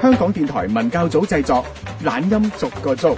香港電台文教組製作《懶音逐個捉》。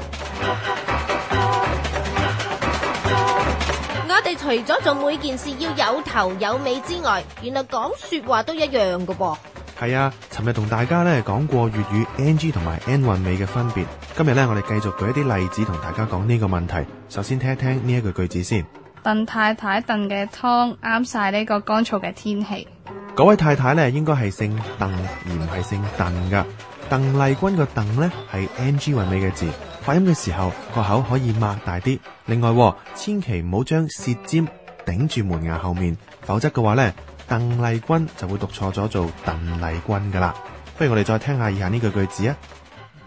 我哋除咗做每件事要有頭有尾之外，原來講說話都一樣噶噃。係啊，尋日同大家咧講過粵語 ng 同埋 n 韻尾嘅分別。今日咧，我哋繼續舉一啲例子，同大家講呢個問題。首先聽一聽呢一句句子先。鄧太太燉嘅湯啱晒呢個乾燥嘅天氣。嗰位太太咧，應該係姓鄧而唔係姓鄧噶。鄧麗君個鄧咧係 ng 韻尾嘅字，發音嘅時候個口可以擘大啲。另外，千祈唔好將舌尖頂住門牙後面，否則嘅話咧，鄧麗君就會讀錯咗做鄧麗君噶啦。不如我哋再聽下以下呢句句子啊：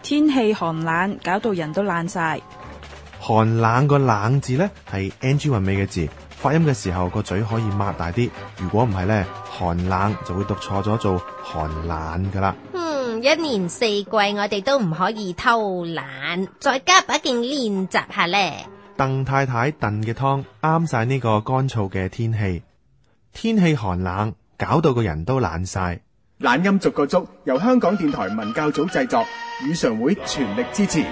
天氣寒冷，搞到人都冷晒。寒冷個冷字咧係 ng 韻尾嘅字，發音嘅時候個嘴可以擘大啲。如果唔係咧，寒冷就會讀錯咗做寒冷噶啦。一年四季，我哋都唔可以偷懶，再加把勁練習下咧。鄧太太燉嘅湯啱晒呢個乾燥嘅天氣，天氣寒冷，搞到個人都懶晒。懶音逐個捉，由香港電台文教組製作，語常會全力支持。